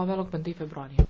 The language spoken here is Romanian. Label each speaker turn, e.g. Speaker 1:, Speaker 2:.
Speaker 1: avea loc pe 1 februarie.